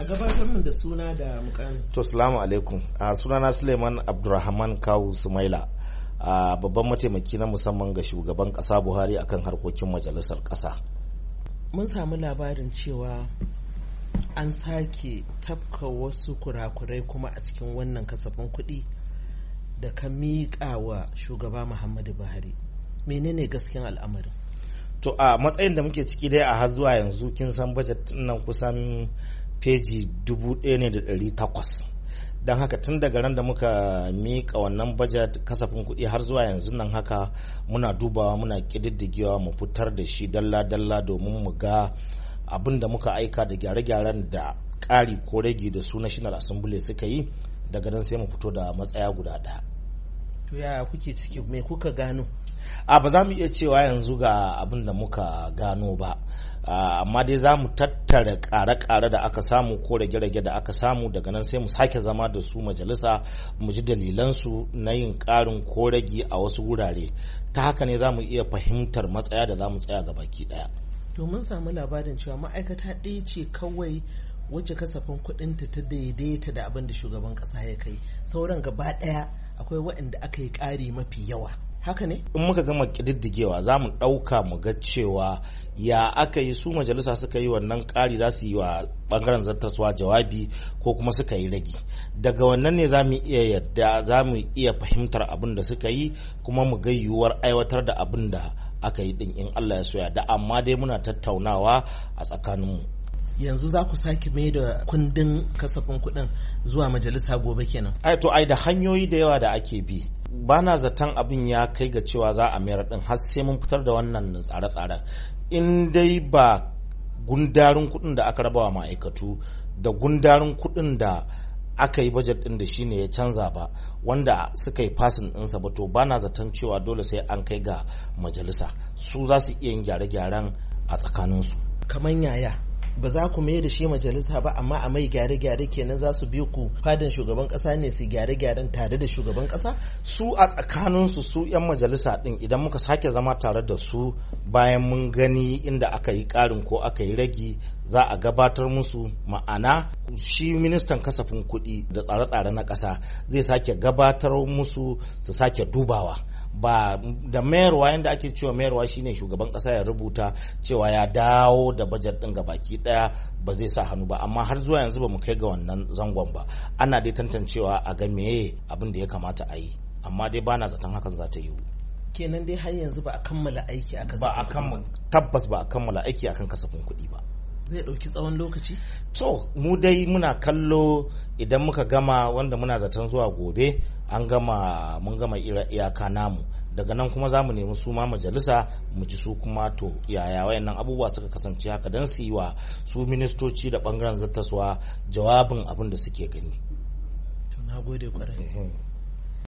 a gabatar min da suna da mukami to salamu alaikum a sunana suleiman abdurrahman kawu sumaila a babban mataimaki na musamman ga shugaban Ƙasa buhari akan harkokin majalisar Ƙasa. mun samu labarin cewa an sake tafka wasu kurakurai kuma a cikin wannan kasafin kuɗi da ka miƙa wa shugaba muhammadu buhari menene gaskiyan al'amarin to a matsayin da muke ciki dai a har zuwa yanzu kin san bajet nan kusan feji 1,800 don haka tun daga ran da muka miƙa wannan baje kasafin kuɗi har zuwa yanzu nan haka muna dubawa muna ƙididdigewa mu fitar da shi dalla-dalla domin mu ga abin da muka aika da gyare-gyaren da ƙari ko rage da su national assembly suka yi daga nan sai mu fito da matsaya guda ɗaya to ya kuke ciki me kuka gano a ba za mu iya cewa yanzu ga abin da muka gano ba amma dai za mu tattara kare-kare da aka samu ko rage-rage da aka samu daga nan sai mu sake zama da su majalisa mu ji dalilansu na yin ƙarin ko rage a wasu wurare ta haka ne za mu iya fahimtar matsaya da za mu tsaya ga baki ɗaya. to samu labarin cewa ma'aikata ɗaya ce kawai wacce kasafin kuɗin ta daidaita da abin da shugaban ƙasa ya kai sauran gaba ɗaya akwai waɗanda aka yi ƙari mafi yawa haka ne in muka gama ƙididdigewa za mu ɗauka mu ga cewa ya aka yi su majalisa suka yi wannan ƙari za su yi wa ɓangaren zartaswa jawabi ko kuma suka yi rage daga wannan ne za mu iya yadda za mu iya fahimtar abin da suka yi kuma mu ga yiwuwar aiwatar da abin da aka yi ɗin in allah ya soya da amma dai muna tattaunawa a tsakaninmu yanzu za ku sake mai da kundin kasafin kuɗin zuwa majalisa gobe kenan ai to ai da hanyoyi da yawa da ake bi ba na zaton abin ya kai ga cewa za a mayar din har sai mun fitar da wannan tsare tsare in dai ba gundarin kuɗin da aka rabawa ma'aikatu da gundarin kuɗin da aka yi bajet ɗin da shi ne ya canza ba wanda suka yi fasin ɗinsa ba to ba na zaton cewa dole sai an kai ga majalisa su za su iya yin gyare-gyaren a tsakaninsu kamar yaya ba za ku mai da shi majalisa ba amma a mai gyare-gyare kenan za su bi ku fadin shugaban kasa ne su gyare-gyaren tare da shugaban kasa su a tsakaninsu su 'yan majalisa din idan muka sake zama tare da su bayan mun gani inda aka yi karin ko aka yi ragi za a gabatar musu ma'ana shi ministan kasafin kuɗi da tsare-tsare na ƙasa zai sake gabatar musu su sake dubawa ba da mayarwa yadda ake cewa mayarwa shine shugaban kasa ya rubuta cewa ya dawo da bajet din ga baki daya ba zai sa hannu ba amma har zuwa yanzu ba mu kai ga wannan zangon ba ana dai tantancewa a ga meye abin da ya kamata a yi amma dai bana zaton hakan za ta yiwu kenan dai har yanzu ba a kammala aiki a kasafin ba a kammala tabbas ba a kammala aiki akan kasafin kuɗi ba zai ɗauki tsawon lokaci? To, mu dai muna kallo idan muka gama wanda muna zaton zuwa gobe an gama mun gama iyaka namu daga nan kuma za mu nemi su ma majalisa mu ji su kuma to yaya wayannan abubuwa suka kasance haka don su yi wa su ministoci da bangaren zattaswa jawabin abin da suke gani. Na gode kwarai.